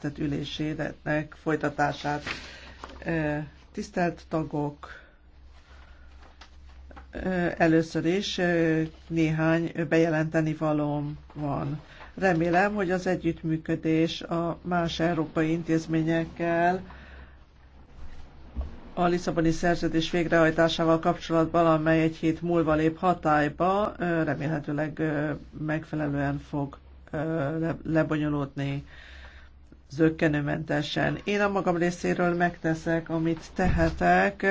tehát ülésének folytatását. Tisztelt tagok, először is néhány bejelenteni valóm van. Remélem, hogy az együttműködés a más európai intézményekkel a Lisszaboni szerződés végrehajtásával kapcsolatban, amely egy hét múlva lép hatályba, remélhetőleg megfelelően fog lebonyolódni zöggenőmentesen. Én a magam részéről megteszek, amit tehetek,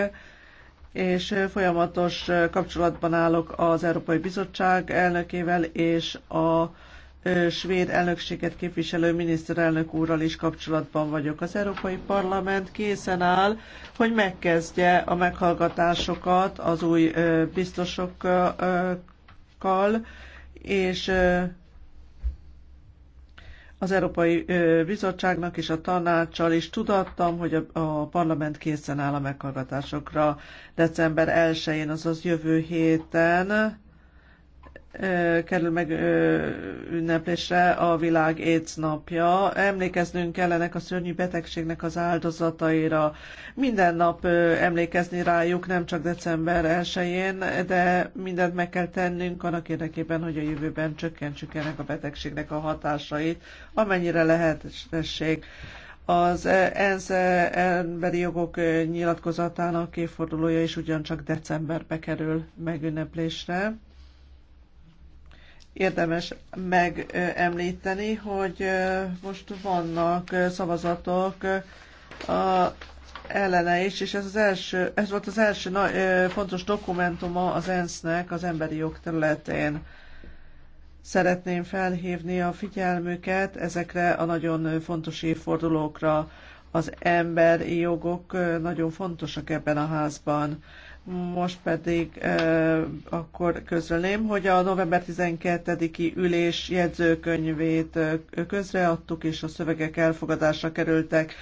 és folyamatos kapcsolatban állok az Európai Bizottság elnökével és a svéd elnökséget képviselő miniszterelnök úrral is kapcsolatban vagyok. Az Európai Parlament készen áll, hogy megkezdje a meghallgatásokat az új biztosokkal, és az Európai Bizottságnak és a tanácssal is tudattam, hogy a, parlament készen áll a meghallgatásokra december 1-én, azaz jövő héten kerül meg ünneplésre a világ AIDS napja. Emlékeznünk kellene a szörnyű betegségnek az áldozataira. Minden nap emlékezni rájuk, nem csak december 1-én, de mindent meg kell tennünk annak érdekében, hogy a jövőben csökkentsük ennek a betegségnek a hatásait, amennyire lehetesség. Az ENSZ emberi jogok nyilatkozatának évfordulója is ugyancsak decemberbe kerül megünneplésre érdemes megemlíteni, hogy most vannak szavazatok a ellene is, és ez, az első, ez volt az első na, fontos dokumentuma az ENSZ-nek az emberi jog területén. Szeretném felhívni a figyelmüket ezekre a nagyon fontos évfordulókra az emberi jogok nagyon fontosak ebben a házban. Most pedig akkor közölném, hogy a november 12-i ülés jegyzőkönyvét közreadtuk, és a szövegek elfogadásra kerültek.